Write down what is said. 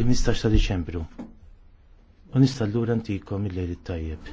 Il-15 ta' Diċembru. U nista' lura antikom il-lejl tajjeb.